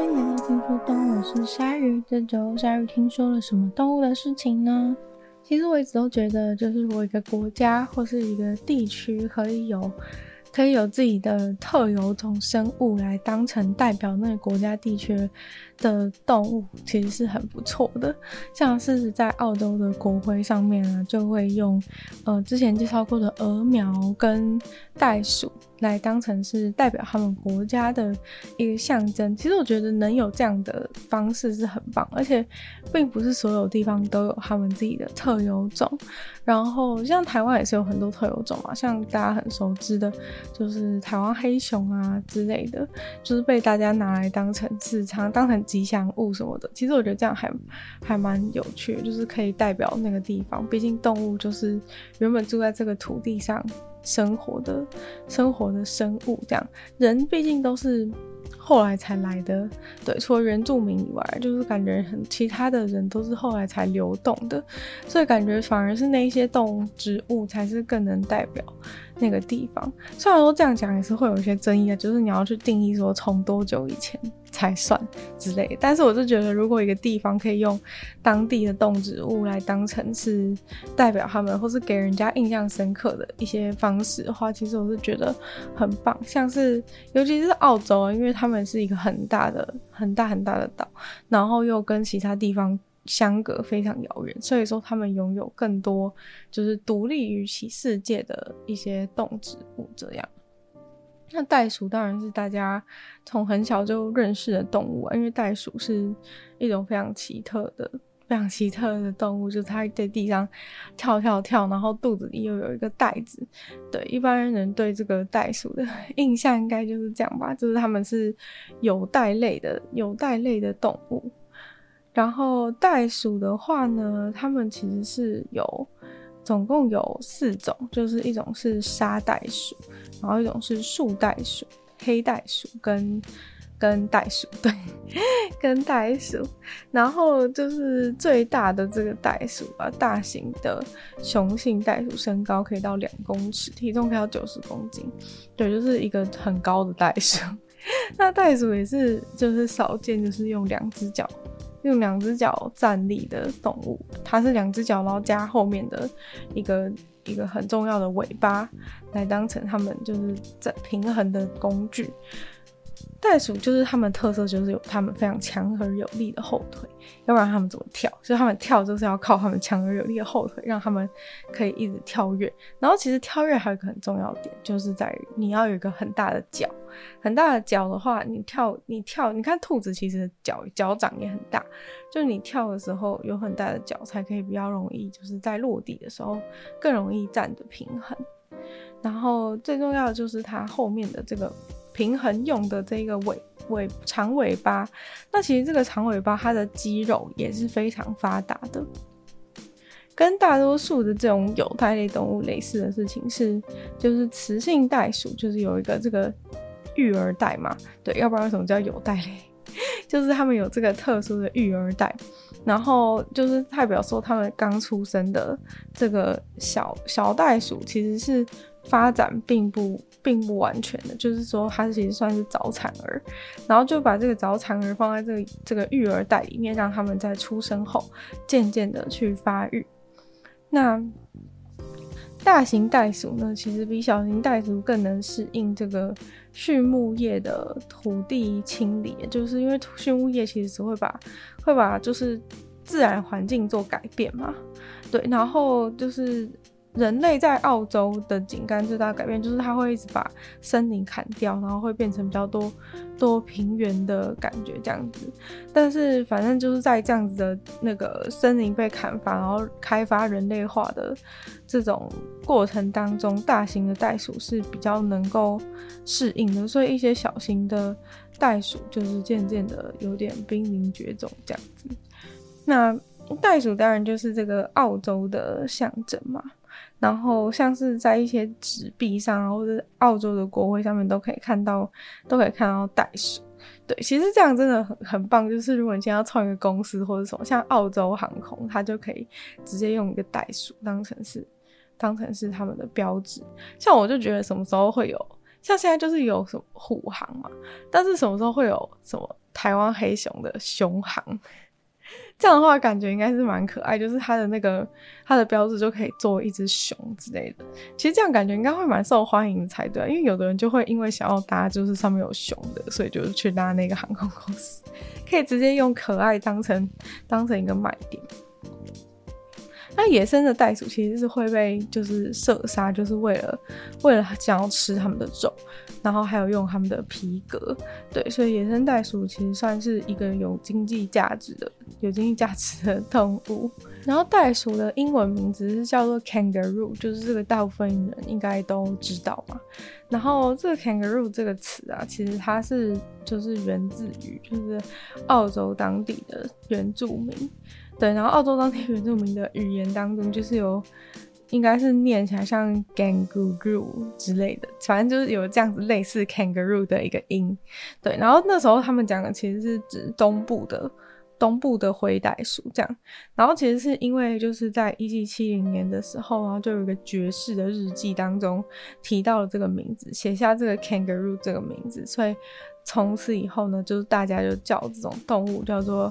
歡迎來到聽說動物，是鯊魚。這周鯊魚聽說了什麼動物的事情呢？其實我一直都覺得，就是我一個國家或是一個地區，可以有可以有自己的特有種生物來當成代表那個國家地區的動物，其實是很不錯的。像是在澳洲的國徽上面啊，就會用呃之前介紹過的鴯鶓跟袋鼠。來當成是代表他們國家的一個象徵，其實我覺得能有這樣的方式是很棒，而且並不是所有地方都有他們自己的特有種。然後像台灣也是有很多特有種嘛，像大家很熟知的就是台灣黑熊啊之類的，就是被大家拿來當成市場、當成吉祥物什麼的。其實我覺得這樣還還蠻有趣，就是可以代表那個地方，畢竟動物就是原本住在這個土地上。生活的、生活的生物，這樣人畢竟都是。後來才來的，對，除了原住民以外，就是感覺很其他的人都是後來才流動的，所以感覺反而是那一些動植物才是更能代表那個地方。雖然說這樣講也是會有一些爭議的，就是你要去定義說從多久以前才算之類的，但是我是覺得如果一個地方可以用當地的動植物來當成是代表他們，或是給人家印象深刻的一些方式的話，其實我是覺得很棒。像是尤其是澳洲，因為它們是一個很大的、很大、很大的島，然後又跟其他地方相隔非常遙遠，所以說它們擁有更多就是獨立於其世界的一些動植物這樣。那袋鼠當然是大家從很小就認識的動物啊，因為袋鼠是一種非常奇特的。非常奇特的動物，就是它在地上跳跳跳，然後肚子裡又有一個袋子。對，一般人對這個袋鼠的印象，應該就是這樣吧？就是它們是有袋類的，有袋類的動物。然後袋鼠的話呢，它們其實是有總共有四種，就是一種是沙袋鼠，然後一種是樹袋鼠，黑袋鼠跟。跟袋鼠對，跟袋鼠，然後就是最大的這個袋鼠啊，大型的雄性袋鼠身高可以到兩公尺，體重可以到九十公斤，對，就是一個很高的袋鼠。那袋鼠也是就是少見，就是用兩隻腳用兩隻腳站立的動物，它是兩隻腳，然後加後面的一個一個很重要的尾巴來當成它們就是平衡的工具。袋鼠就是他們的特色，就是有他們非常強而有力的後腿，要不然他們怎麼跳？所以他們跳就是要靠他們強而有力的後腿，讓他們可以一直跳躍。然後其實跳躍還有一個很重要的點，就是在於你要有一個很大的腳，很大的腳的話，你跳你跳，你看兔子其實腳腳掌也很大，就是你跳的時候有很大的腳，才可以比較容易，就是在落地的時候更容易站着平衡。然後最重要的就是它後面的這個。平衡用的這一個尾尾,尾長尾巴，那其實這個長尾巴它的肌肉也是非常發達的。跟大多數的這種有袋類動物類似的事情是，就是雌性袋鼠就是有一個這個育兒袋嘛，對，要不然為什麼叫有袋類？就是他們有這個特殊的育兒袋，然後就是代表說他們剛出生的這個小小袋鼠其實是。發展並不並不完全的，就是說它其實算是早產兒，然後就把這個早產兒放在這個這個育兒袋裡面，讓他們在出生後漸漸的去發育。那大型袋鼠呢，其實比小型袋鼠更能適應這個畜牧業的土地清理，就是因為畜牧業其實只會把會把就是自然環境做改變嘛，對，然後就是。人類在澳洲的景觀最大的改變就是它會一直把森林砍掉，然後會變成比較多多平原的感覺這樣子。但是反正就是在這樣子的那個森林被砍伐，然後開發人類化的這種過程當中，大型的袋鼠是比較能夠適應的，所以一些小型的袋鼠就是漸漸的有點瀕臨絕種這樣子。那袋鼠當然就是這個澳洲的象徵嘛。然後像是在一些紙幣上，或者澳洲的國徽上面，都可以看到，都可以看到袋鼠。對，其實這樣真的很很棒。就是如果你現在要創一個公司或者什麼，像澳洲航空，它就可以直接用一個袋鼠當成是，當成是他們的標誌。像我就覺得什麼時候會有，像現在就是有什麼虎航嘛，但是什麼時候會有什麼台灣黑熊的熊航？這樣的話感覺應該是蠻可愛，就是它的那個它的標誌就可以做一隻熊之類的。其實這樣感覺應該會蠻受歡迎才對啊，因為有的人就會因為想要搭，就是上面有熊的，所以就去搭那個航空公司。可以直接用可愛當成當成一個賣點。那野生的袋鼠其實是會被就是射殺，就是為了為了想要吃他們的肉，然後還有用他們的皮革。對，所以野生袋鼠其實算是一個有經濟價值的有經濟價值的動物。然後袋鼠的英文名字是叫做 kangaroo，就是這個大部分人應該都知道嘛。然後這個 kangaroo 這個詞啊，其實它是就是源自於就是澳洲當地的原住民。對，然後澳洲當地原住民的語言當中，就是有應該是念起來像 kangaroo 之類的，反正就是有這樣子類似 kangaroo 的一個音。對，然後那時候他們講的其實是指東部的東部的灰袋鼠這樣。然後其實是因為就是在一七七零年的時候、啊，然後就有一個爵士的日記當中提到了這個名字，寫下這個 kangaroo 這個名字，所以從此以後呢，就是大家就叫這種動物叫做。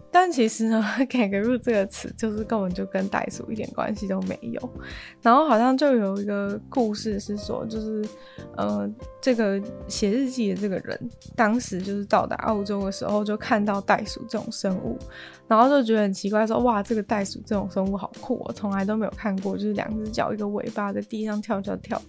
但其實呢，kangaroo 這個詞就是根本就跟袋鼠一點關係都沒有。然後好像就有一個故事是說，就是呃，這個寫日記的這個人當時就是到達澳洲的時候，就看到袋鼠這種生物，然後就覺得很奇怪說，說哇，這個袋鼠這種生物好酷喔，從來都沒有看過，就是兩隻腳一個尾巴在地上跳跳跳，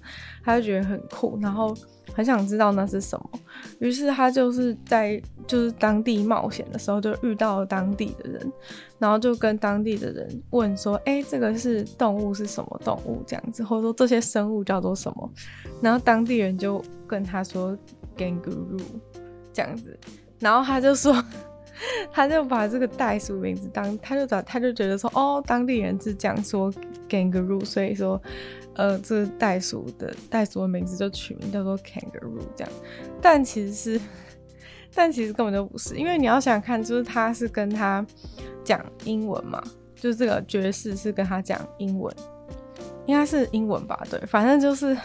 他就覺得很酷，然後很想知道那是什麼。於是他就是在就是當地冒險的時候，就遇到了當地地的人，然後就跟當地的人問說：“哎、欸，這個是動物是什麼動物？”這樣子，或者說這些生物叫做什麼？然後當地人就跟他說 g a n g u r u 這樣子，然後他就說，他就把這個袋鼠名字當，他就找，他就覺得說：“哦，當地人是這樣說 g a n g u r u 所以說，呃，這袋、個、鼠的袋鼠的名字就取名叫做 canguru 這樣。但其實。但其實根本就不是，因為你要想看，就是他是跟他講英文嘛，就是這個爵士，是跟他講英文，應該是英文吧？對，反正就是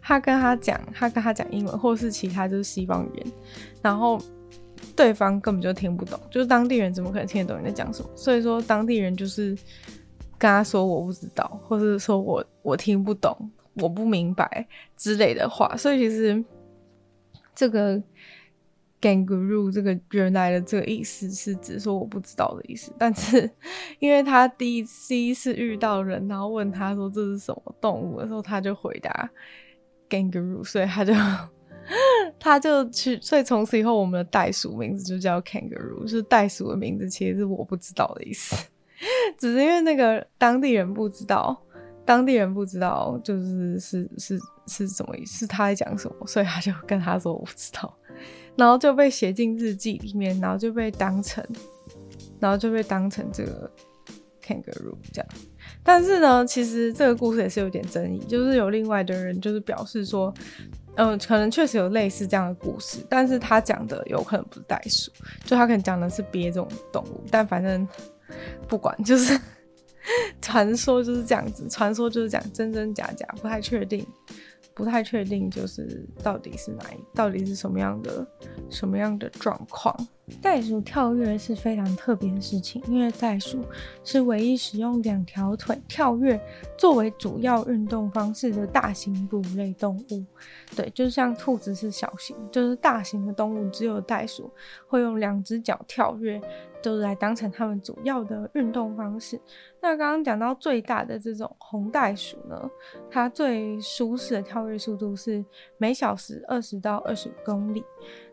他跟他講，他跟他講英文，或是其他就是西方語言，然後對方根本就聽不懂，就是當地人怎麼可能聽得懂你在講什麼？所以說當地人就是跟他說我不知道，或是說我我聽不懂，我不明白之類的話。所以其實這個。Gangaroo 這個原來的這個意思是指說我不知道的意思，但是因為他第一次遇到人，然後問他說這是什麼動物的時候，他就回答 Gangaroo，所以他就他就去，所以從此以後我們的袋鼠名字就叫 Kangaroo，就是袋鼠的名字其實是我不知道的意思，只是因為那個當地人不知道，當地人不知道就是是是是什麼意思，是他在講什麼，所以他就跟他說我不知道。然後就被寫進日記裡面，然後就被當成，然後就被當成這個 kangaroo 這樣。但是呢，其實這個故事也是有點爭議，就是有另外的人就是表示說，嗯、呃，可能確實有類似這樣的故事，但是他講的有可能不是袋鼠，就他可能講的是別種動物。但反正不管，就是 傳說就是這樣子，傳說就是講真真假假，不太確定。不太確定，就是到底是哪一，到底是什麼樣的，什麼樣的狀況？袋鼠跳躍是非常特別的事情，因為袋鼠是唯一使用兩條腿跳躍作為主要運動方式的大型哺乳類動物。對，就是像兔子是小型，就是大型的動物只有袋鼠會用兩隻腳跳躍。就是來當成他們主要的運動方式。那剛剛講到最大的這種紅袋鼠呢，它最舒適的跳躍速度是每小時二十到二十五公里。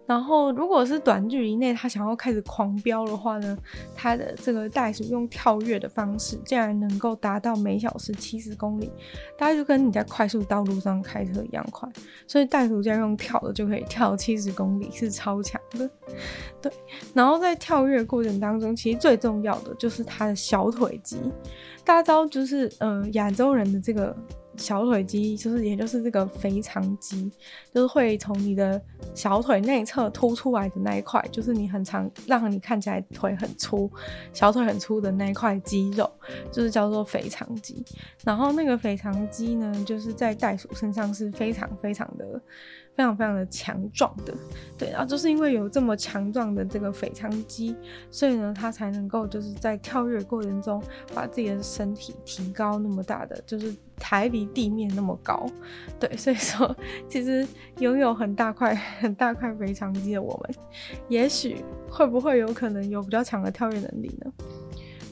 然後，如果是短距離內，他想要開始狂飆的話呢，他的這個袋鼠用跳躍的方式，竟然能夠達到每小時七十公里，大概就跟你在快速道路上開車一樣快。所以袋鼠這樣用跳的就可以跳七十公里，是超強的。對，然後在跳躍過程當中，其實最重要的就是他的小腿肌，大招就是呃亞洲人的這個。小腿肌就是，也就是這個腓腸肌，就是會從你的小腿內側凸出來的那一塊，就是你很常，讓你看起來腿很粗，小腿很粗的那一塊肌肉，就是叫做腓腸肌。然後那個腓腸肌呢，就是在袋鼠身上是非常非常的。非常非常的強壯的，對，然後就是因為有這麼強壯的這個腓腸肌，所以呢，它才能夠就是在跳躍過程中把自己的身體提高那麼大的，就是抬離地面那麼高，對，所以說其實擁有很大塊很大塊腓腸肌的我們，也許會不會有可能有比較強的跳躍能力呢？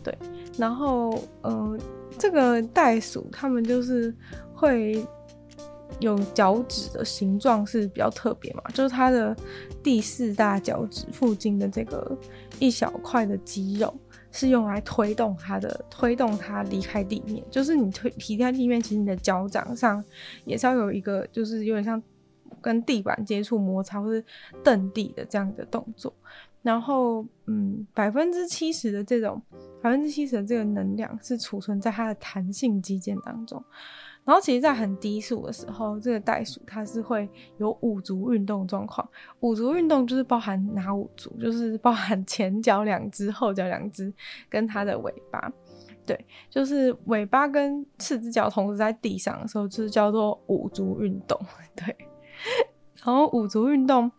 對，然後嗯、呃，這個袋鼠他們就是會。有腳趾的形狀是比較特別嘛，就是它的第四大腳趾附近的這個一小塊的肌肉是用來推動它的，推動它離開地面。就是你推離開地面，其實你的腳掌上也是要有一個，就是有點像跟地板接觸摩擦或是蹬地的這樣的動作。然後，嗯，百分之七十的這種，百分之七十的這個能量是儲存在它的彈性肌腱當中。然後其實，在很低速的時候，這個袋鼠它是會有五足運動狀況。五足運動就是包含哪五足？就是包含前腳兩隻、後腳兩隻跟它的尾巴。對，就是尾巴跟四隻腳同時在地上的時候，就是叫做五足運動。對。然後五足運動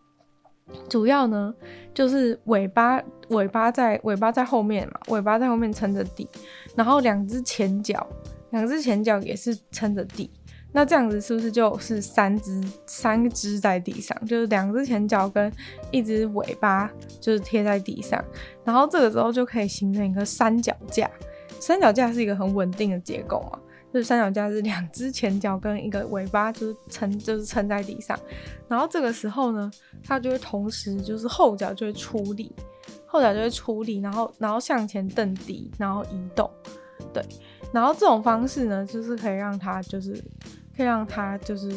主要呢，就是尾巴，尾巴在，尾巴在後面嘛，尾巴在後面撐着地，然後兩隻前腳。兩隻前腳也是撐着地，那這樣子是不是就是三隻三隻在地上？就是兩隻前腳跟一隻尾巴就是貼在地上，然後這個時候就可以形成一個三腳架。三腳架是一個很穩定的結構嘛，就是三腳架是兩隻前腳跟一個尾巴就是撐，就是撐在地上。然後這個時候呢，它就會同時就是後腳就會出力，後腳就會出力，然後然後向前蹬地，然後移動，對。然後這種方式呢，就是可以讓它，就是可以讓它，就是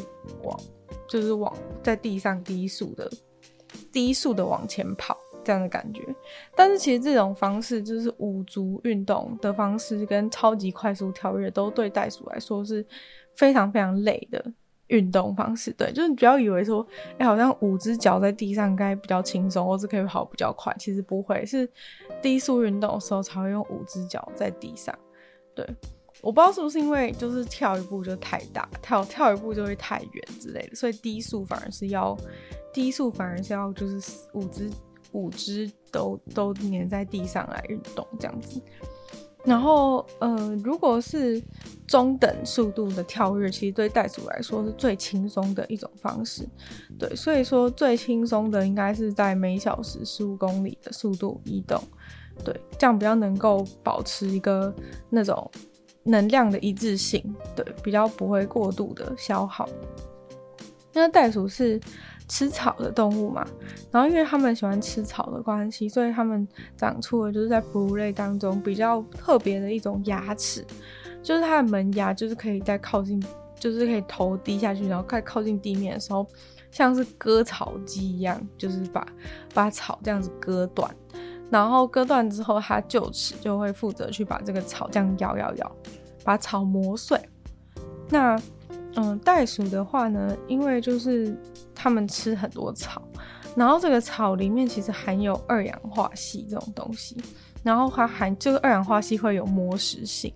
往，就是往在地上低速的，低速的往前跑這樣的感覺。但是其實這種方式就是五足運動的方式，跟超級快速跳躍都對袋鼠來說是非常非常累的運動方式。對，就是你不要以為說，哎、欸，好像五隻腳在地上該比較輕鬆，或者可以跑比較快，其實不會，是低速運動的時候才會用五隻腳在地上。對，我不知道是不是因為就是跳一步就太大，跳跳一步就會太遠之類的，所以低速反而是要低速反而是要就是五肢五肢都都粘在地上來運動這樣子。然後呃，如果是中等速度的跳躍，其實對袋鼠來說是最輕鬆的一種方式。對，所以說最輕鬆的應該是在每小時十五公里的速度移動。對，這樣比較能夠保持一個那種能量的一致性，對，比較不會過度的消耗。那袋鼠是吃草的動物嘛，然後因為它們喜歡吃草的關係，所以它們長出了就是在哺乳類當中比較特別的一種牙齒，就是它的門牙，就是可以在靠近，就是可以頭低下去，然後在靠近地面的時候，像是割草機一樣，就是把把草這樣子割斷。然後割斷之後，它臼齒就會負責去把這個草這樣咬咬咬，把草磨碎。那，嗯、呃，袋鼠的話呢，因為就是它們吃很多草，然後這個草裡面其實含有二氧化矽這種東西，然後它含這個、就是、二氧化矽會有磨蝕性，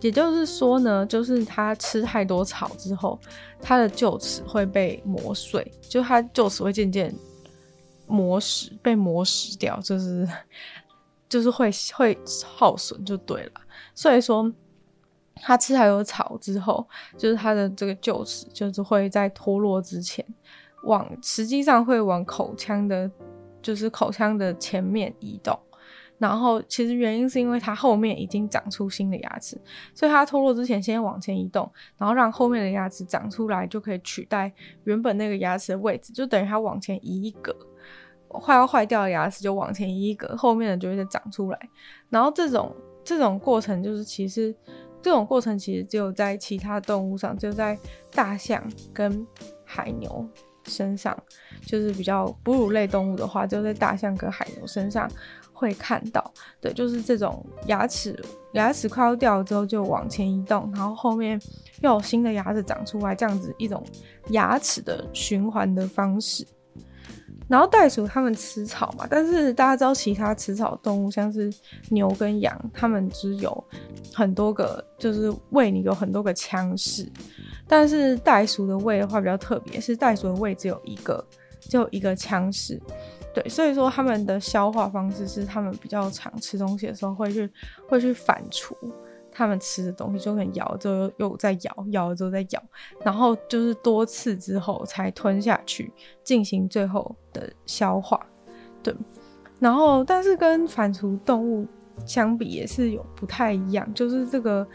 也就是說呢，就是它吃太多草之後，它的臼齒會被磨碎，就它臼齒會漸漸。磨蝕，被磨蝕掉，就是就是會會耗損就對了。所以說，它吃太多草之後，就是它的這個臼齒就是會在脫落之前往實際上會往口腔的，就是口腔的前面移動。然後其實原因是因為它後面已經長出新的牙齒，所以它脫落之前先往前移動，然後讓後面的牙齒長出來就可以取代原本那個牙齒的位置，就等於它往前移一個。快要壞掉的牙齒就往前移一個，後面的就會再長出來。然後這種這種過程就是，其實這種過程其實只有在其他動物上，就在大象跟海牛身上，就是比較哺乳類動物的話，就在大象跟海牛身上會看到。對，就是這種牙齒牙齒快要掉了之後就往前移動，然後後面又有新的牙齒長出來，這樣子一種牙齒的循環的方式。然後袋鼠它們吃草嘛，但是大家知道其他吃草動物，像是牛跟羊，它們只有很多個，就是胃裡有很多個腔室。但是袋鼠的胃的話比較特別，是袋鼠的胃只有一個，就一個腔室。對，所以說它們的消化方式是，它們比較常吃東西的時候會去會去反芻。他們吃的東西，就很能咬，就又再咬，咬了之後再咬，然後就是多次之後才吞下去，進行最後的消化。對，然後但是跟反芻動物相比也是有不太一樣，就是這個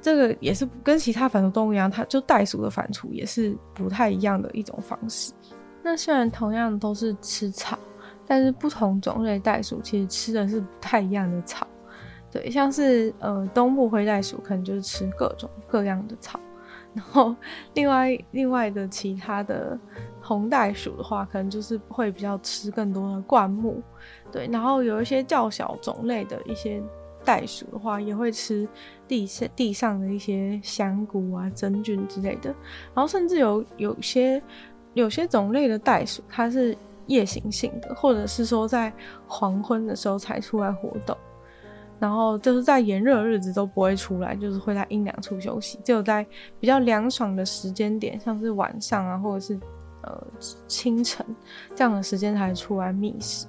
這個也是跟其他反芻動物一樣，它就袋鼠的反芻也是不太一樣的一種方式。那雖然同樣都是吃草，但是不同種類袋鼠其實吃的是不太一樣的草。對，像是呃東部灰袋鼠可能就是吃各種各樣的草，然後另外另外的其他的紅袋鼠的話，可能就是會比較吃更多的灌木。對，然後有一些較小種類的一些袋鼠的話，也會吃地地上的一些香菇啊、真菌之類的。然後甚至有有些有些種類的袋鼠，它是夜行性的，或者是說在黃昏的時候才出來活動。然後就是在炎熱的日子都不會出來，就是會在陰涼處休息，只有在比較涼爽的時間點，像是晚上啊，或者是呃清晨這樣的時間才出來覓食。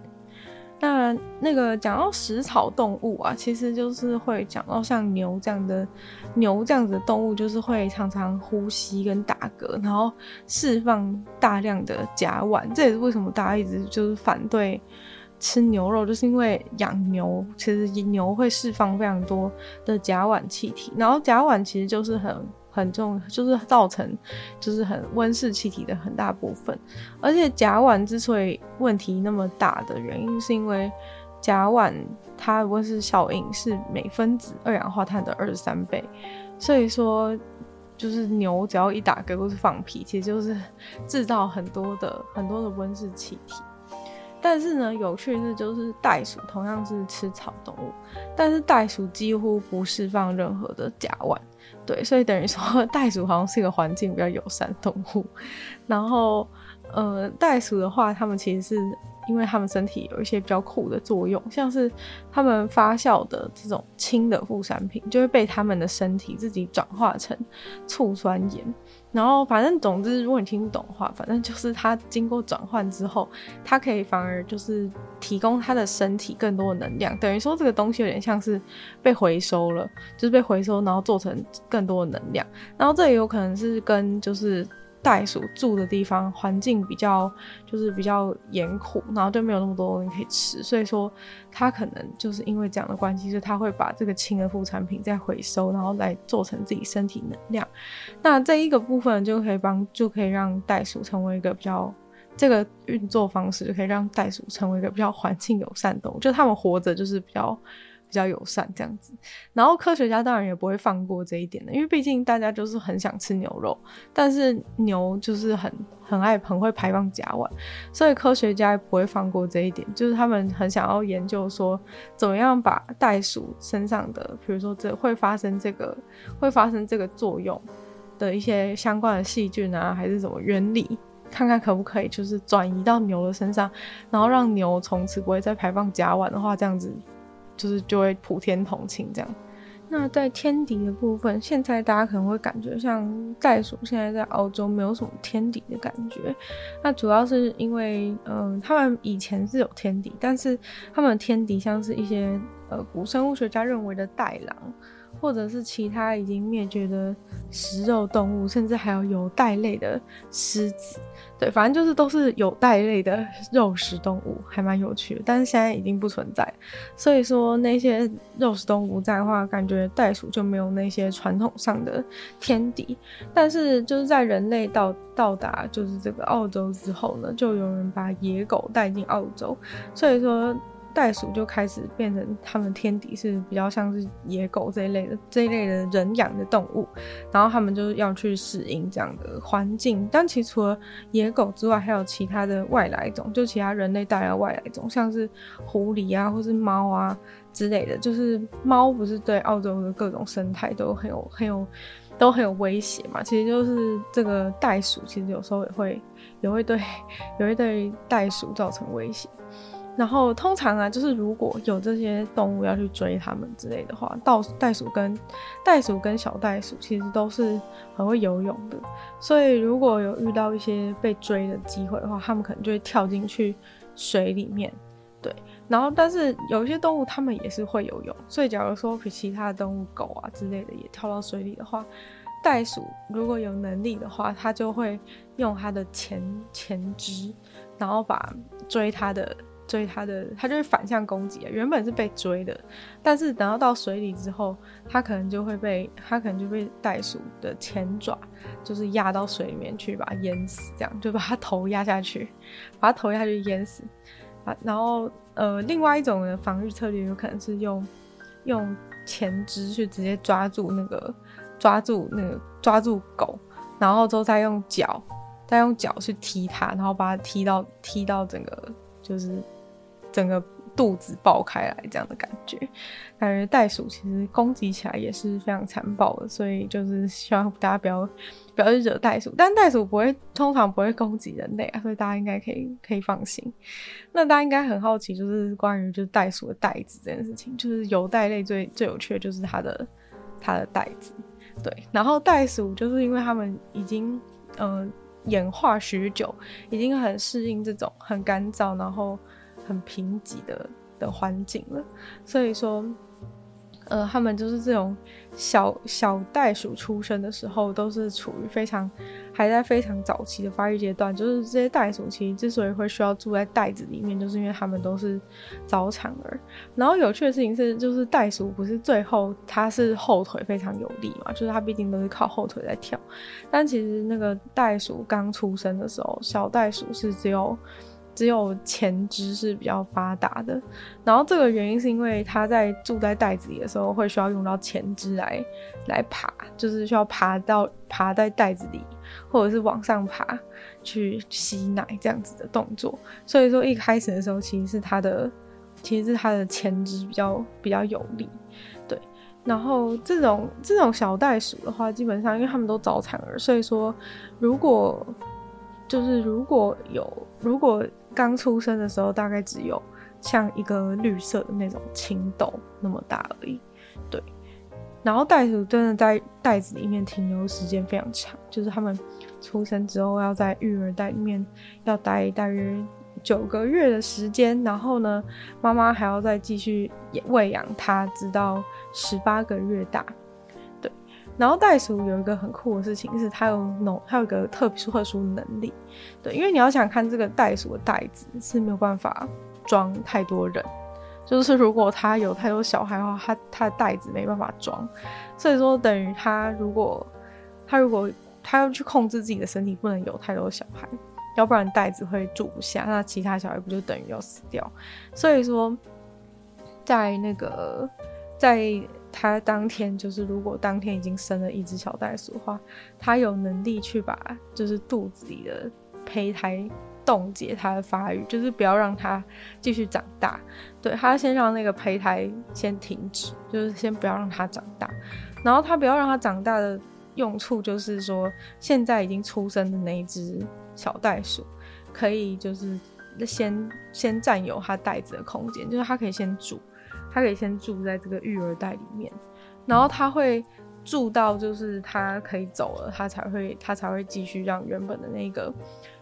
那那個講到食草動物啊，其實就是會講到像牛這樣的牛這樣子的動物，就是會常常呼吸跟打嗝，然後釋放大量的甲烷，這也是為什麼大家一直就是反對。吃牛肉就是因為養牛，其實牛會釋放非常多的甲烷氣體，然後甲烷其實就是很很重，就是造成就是很溫室氣體的很大部分。而且甲烷之所以問題那麼大的原因，是因為甲烷它溫室效應是每分子二氧化碳的二十三倍，所以說就是牛只要一打嗝或是放屁，其實就是制造很多的很多的溫室氣體。但是呢，有趣的是，就是袋鼠同樣是吃草動物，但是袋鼠幾乎不釋放任何的甲烷，對，所以等於說袋鼠好像是一個環境比較友善動物。然後，呃，袋鼠的話，它們其實是。因為他們身體有一些比較酷的作用，像是他們發酵的這種氫的副產品，就會被他們的身體自己轉化成醋酸鹽。然後反正總之，如果你聽不懂的話，反正就是它經過轉換之後，它可以反而就是提供它的身體更多的能量。等於說這個東西有點像是被回收了，就是被回收然後做成更多的能量。然後這也有可能是跟就是。袋鼠住的地方環境比較就是比較嚴酷，然後就沒有那麼多東西可以吃，所以說它可能就是因為這樣的關係，就是它會把這個輕的副產品再回收，然後來做成自己身體能量。那這一個部分就可以幫就可以讓袋鼠成為一個比較這個運作方式就可以讓袋鼠成為一個比較環境友善動物，就他們活着就是比較。比較友善這樣子，然後科學家當然也不會放過這一點的，因為畢竟大家就是很想吃牛肉，但是牛就是很很愛很會排放甲烷，所以科學家也不會放過這一點，就是他們很想要研究說，怎麼樣把袋鼠身上的，比如說這會發生這個會發生這個作用的一些相關的細菌啊，還是什麼原理，看看可不可以就是轉移到牛的身上，然後讓牛從此不會再排放甲烷的話，這樣子。就是就會普天同慶這樣。那在天敵的部分，現在大家可能會感覺像袋鼠現在在澳洲沒有什麼天敵的感覺。那主要是因為，嗯、呃，他們以前是有天敵，但是他們的天敵像是一些呃古生物學家認為的袋狼，或者是其他已經滅絕的食肉動物，甚至還有有袋類的獅子，對，反正就是都是有袋類的肉食動物，還蠻有趣的。但是現在已經不存在，所以說那些肉食動物在的話，感覺袋鼠就沒有那些傳統上的天敵。但是就是在人類到到達就是這個澳洲之後呢，就有人把野狗帶進澳洲，所以說。袋鼠就開始變成他們天敵，是比較像是野狗這一類的這一類的人養的動物，然後他們就要去適應這樣的環境。但其實除了野狗之外，還有其他的外來種，就其他人類帶來的外來種，像是狐狸啊，或是貓啊之類的。就是貓不是對澳洲的各種生態都很有很有都很有威脅嘛？其實就是這個袋鼠，其實有時候也會也會對也會對袋鼠造成威脅。然後通常啊，就是如果有這些動物要去追它們之類的話，袋袋鼠跟袋鼠跟小袋鼠其實都是很會游泳的，所以如果有遇到一些被追的機會的話，它們可能就會跳進去水裡面，對。然後但是有一些動物它們也是會游泳，所以假如說比其他的動物狗啊之類的也跳到水裡的話，袋鼠如果有能力的話，它就會用它的前前肢，然後把追它的。追它的，他就是反向攻擊。原本是被追的，但是等到到水裡之後，它可能就會被它可能就被袋鼠的前爪就是壓到水裡面去，把它淹死。這樣就把它頭壓下去，把它頭壓下去淹死。啊，然後呃，另外一種的防禦策略有可能是用用前肢去直接抓住那個抓住那個抓住那個抓住狗，然後之後再用腳再用腳去踢它，然後把它踢到踢到整個就是。整個肚子爆開來這樣的感覺，感覺袋鼠其實攻擊起來也是非常殘暴的，所以就是希望大家不要不要惹袋鼠。但袋鼠不會，通常不會攻擊人類啊，所以大家應該可以可以放心。那大家應該很好奇，就是關於就是袋鼠的袋子這件事情，就是有袋類最最有趣的就是它的它的袋子，對。然後袋鼠就是因為他們已經嗯、呃、演化許久，已經很適應這種很乾燥，然後。很貧瘠的的環境了，所以說，呃，他們就是這種小小袋鼠出生的時候都是處於非常還在非常早期的發育階段。就是這些袋鼠其實之所以會需要住在袋子裡面，就是因為他們都是早產兒。然後有趣的事情是，就是袋鼠不是最後它是後腿非常有力嘛，就是它畢竟都是靠後腿在跳。但其實那個袋鼠剛出生的時候，小袋鼠是只有。只有前肢是比較發達的，然後這個原因是因為它在住在袋子裡的時候會需要用到前肢來來爬，就是需要爬到爬在袋子裡，或者是往上爬去吸奶這樣子的動作。所以說一開始的時候其實是它的，其實是它的前肢比較比較有力，對。然後這種這種小袋鼠的話，基本上因為它們都早產兒，所以說如果就是如果有如果剛出生的時候，大概只有像一個綠色的那種青豆那麼大而已。對，然後袋鼠真的在袋子裡面停留時間非常長，就是它們出生之後要在育兒袋裡面要待大約九個月的時間，然後呢，媽媽還要再繼續餵養它，直到十八個月大。然後袋鼠有一個很酷的事情，是它有他有一個特殊特殊能力。對，因為你要想看這個袋鼠的袋子是沒有辦法裝太多人，就是如果它有太多小孩的話，它的袋子沒辦法裝。所以說等於它如果它如果他要去控制自己的身體，不能有太多小孩，要不然袋子會住不下。那其他小孩不就等於要死掉？所以說在那個在。他當天就是，如果當天已經生了一隻小袋鼠的話，他有能力去把就是肚子裡的胚胎凍結它的發育，就是不要讓它繼續長大。對，他先讓那個胚胎先停止，就是先不要讓它長大。然後他不要讓它長大的用處就是說，現在已經出生的那一隻小袋鼠可以就是先先佔有它袋子的空間，就是它可以先住。他可以先住在這個育兒袋裡面，然後他會住到就是他可以走了，他才會他才會繼續讓原本的那個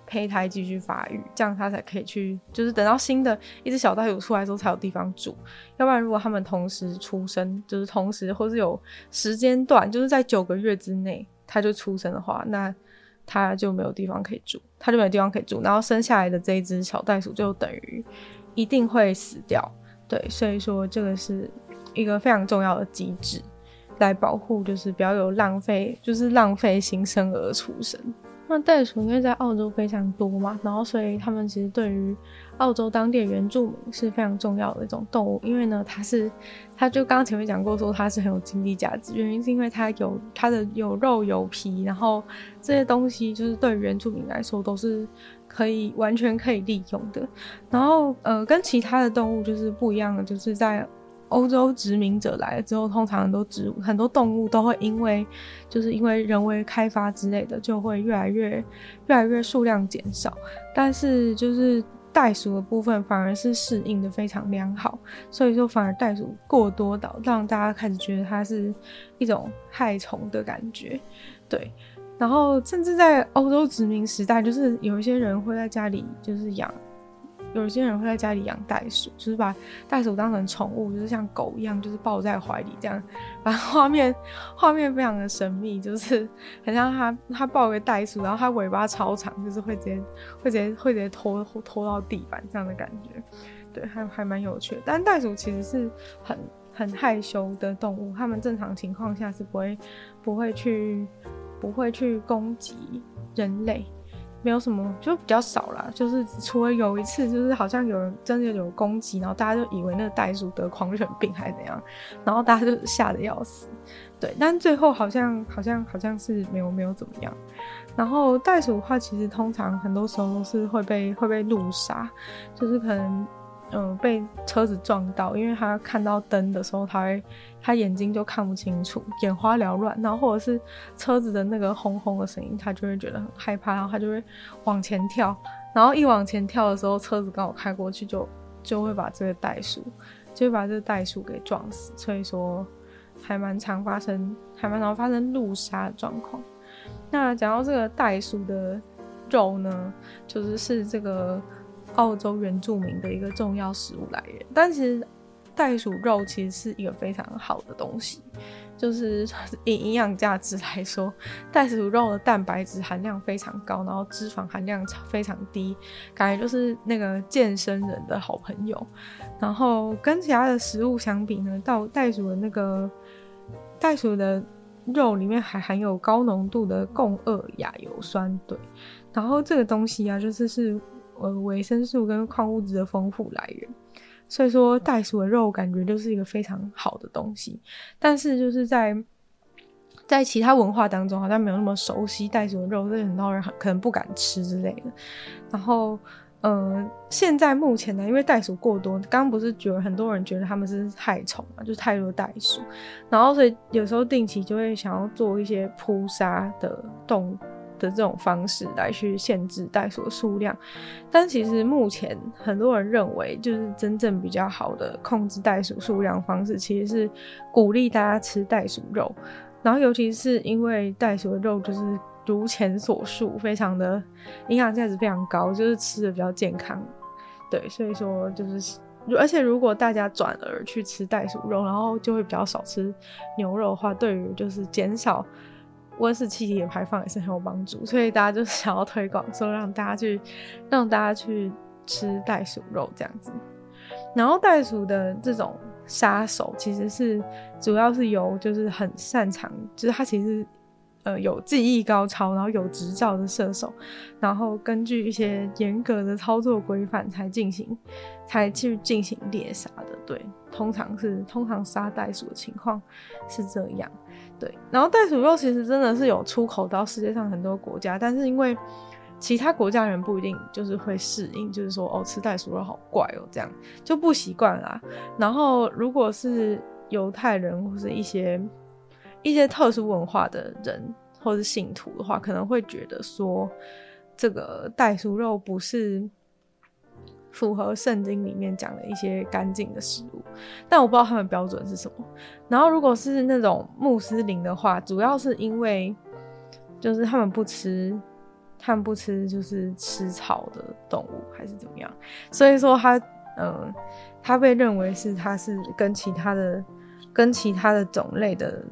胚胎繼續發育，這樣他才可以去就是等到新的一隻小袋鼠出來之後才有地方住。要不然如果他們同時出生，就是同時或是有時間段，就是在九個月之內他就出生的話，那他就沒有地方可以住，他就沒有地方可以住。然後生下來的這一隻小袋鼠就等於一定會死掉。對，所以說這個是一個非常重要的機制，來保護就是不要有浪費，就是浪費新生兒出生。那袋鼠因為在澳洲非常多嘛，然後所以他們其實對於澳洲當地原住民是非常重要的一種動物，因為呢它是，它就剛剛前面講過說它是很有經濟價值，原因是因為它有它的有肉有皮，然後這些東西就是對於原住民來說都是。可以完全可以利用的，然後呃，跟其他的動物就是不一樣的就是在歐洲殖民者來了之後，通常很多植物很多動物都會因為就是因為人為開發之類的，就會越來越越來越數量減少，但是就是袋鼠的部分反而是適應得非常良好，所以說反而袋鼠過多到讓大家開始覺得它是一種害蟲的感覺，對。然後，甚至在歐洲殖民時代，就是有一些人會在家裡就是養，有一些人會在家裡養袋鼠，就是把袋鼠當成寵物，就是像狗一樣，就是抱在懷裡這樣。反正畫面畫面非常的神秘，就是很像他他抱一個袋鼠，然後它尾巴超長，就是會直接會直接會直接拖拖到地板這樣的感覺。對，還還蠻有趣的。但袋鼠其實是很很害羞的動物，它們正常情況下是不會不會去。不會去攻擊人類，沒有什麼就比較少啦。就是除了有一次，就是好像有人真的有攻擊，然後大家就以為那個袋鼠得狂犬病還是怎樣，然後大家就嚇得要死。對，但最後好像好像好像是沒有沒有怎麼樣。然後袋鼠的話，其實通常很多時候是會被會被路殺，就是可能。嗯，被車子撞到，因為他看到燈的時候，他會，他眼睛就看不清楚，眼花繚亂，然後或者是車子的那個轟轟的聲音，他就會覺得很害怕，然後他就會往前跳，然後一往前跳的時候，車子剛好開過去，就就會把這個袋鼠，就會把這個袋鼠給撞死，所以說還蠻常發生，還蠻常發生路殺的狀況。那講到這個袋鼠的肉呢，就是是這個，澳洲原住民的一個重要食物來源，但其實袋鼠肉其實是一個非常好的東西，就是以營養價值來說，袋鼠肉的蛋白質含量非常高，然後脂肪含量非常低，感覺就是那個健身人的好朋友。然後跟其他的食物相比呢，到袋鼠的那個袋鼠的肉裡面還含有高濃度的共軛亞油酸，對，然後這個東西啊，就是是。呃，維生素跟礦物質的豐富來源，所以說袋鼠的肉感覺就是一個非常好的東西。但是就是在在其他文化當中，好像沒有那麼熟悉袋鼠的肉，所以很多人很可能不敢吃之類的。然後，嗯，現在目前呢，因為袋鼠過多，剛不是覺得很多人覺得他們是害蟲嘛，就太多袋鼠，然後所以有時候定期就會想要做一些撲殺的動物的這種方式來去限制袋鼠數量，但其實目前很多人認為，就是真正比較好的控制袋鼠數量方式，其實是鼓勵大家吃袋鼠肉。然後，尤其是因為袋鼠的肉就是如前所述，非常的營養價值非常高，就是吃的比較健康。對，所以說就是，而且如果大家轉而去吃袋鼠肉，然後就會比較少吃牛肉的話，對於就是減少。溫室氣體的排放也是很有幫助，所以大家就是想要推廣，說讓大家去，讓大家去吃袋鼠肉這樣子。然後袋鼠的這種殺手其實是主要是由就是很擅長，就是他其實呃有技藝高超，然後有執照的射手，然後根據一些嚴格的操作規範才進行，才去進行獵殺的。對，通常是，通常殺袋鼠的情況是這樣。對，然後袋鼠肉其實真的是有出口到世界上很多國家，但是因為其他國家人不一定就是會適應，就是說哦，吃袋鼠肉好怪哦，這樣就不習慣啦。然後如果是猶太人或是一些一些特殊文化的人或是信徒的話，可能會覺得說這個袋鼠肉不是。符合聖經裡面講的一些乾淨的食物，但我不知道他們標準是什麼。然後，如果是那種穆斯林的話，主要是因為就是他們不吃，他們不吃就是吃草的動物還是怎麼樣，所以說他嗯、呃，他被認為是他是跟其他的跟其他的種類的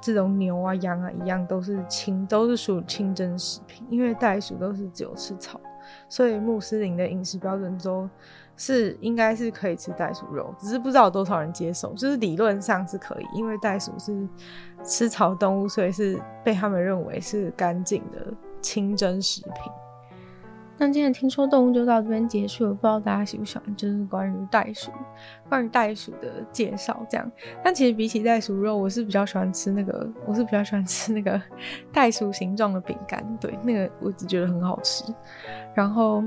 這種牛啊羊啊，一樣都、都是清都是屬清真食品，因為袋鼠都是只有吃草。所以穆斯林的飲食標準中是應該是可以吃袋鼠肉，只是不知道有多少人接受。就是理論上是可以，因為袋鼠是吃草動物，所以是被他們認為是乾淨的清真食品。那今天聽說動物就到這邊結束了，我不知道大家喜不喜歡，就是關於袋鼠，關於袋鼠的介紹這樣。但其實比起袋鼠肉，我是比較喜歡吃那個，我是比較喜歡吃那個袋鼠形狀的餅乾，對，那個我只覺得很好吃。然後。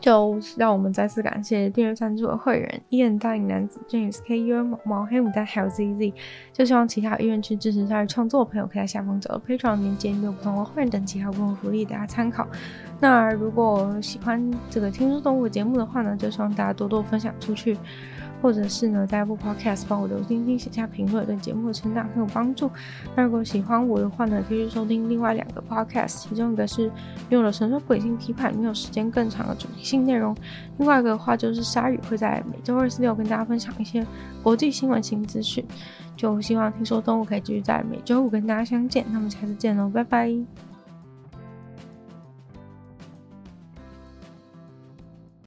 就是讓我們再次感謝訂閱、贊助的會員 Ian、大領男子 James、KU、毛黑牡丹還有 ZZ。就希望其他願意去支持他的創作朋友，可以在下方找到 Patreon 鏈接，有不同的會員等級還有不同福利，大家參考。那如果喜歡這個聽說動物節目的話呢，就希望大家多多分享出去。或者是呢，在不 podcast 幫我留星星、寫下評論，對節目的成長很有幫助。那如果喜歡我的話呢，可以去收聽另外兩個 podcast，其中一個是《女友的純粹不理性批判》，裡有時間更長的主題性內容，另外一個的話就是鯊魚會在每周二、四、六跟大家分享一些國際新聞新資訊。就希望聽說動物可以繼續在每周五跟大家相見，那麼下次見嘍，拜拜。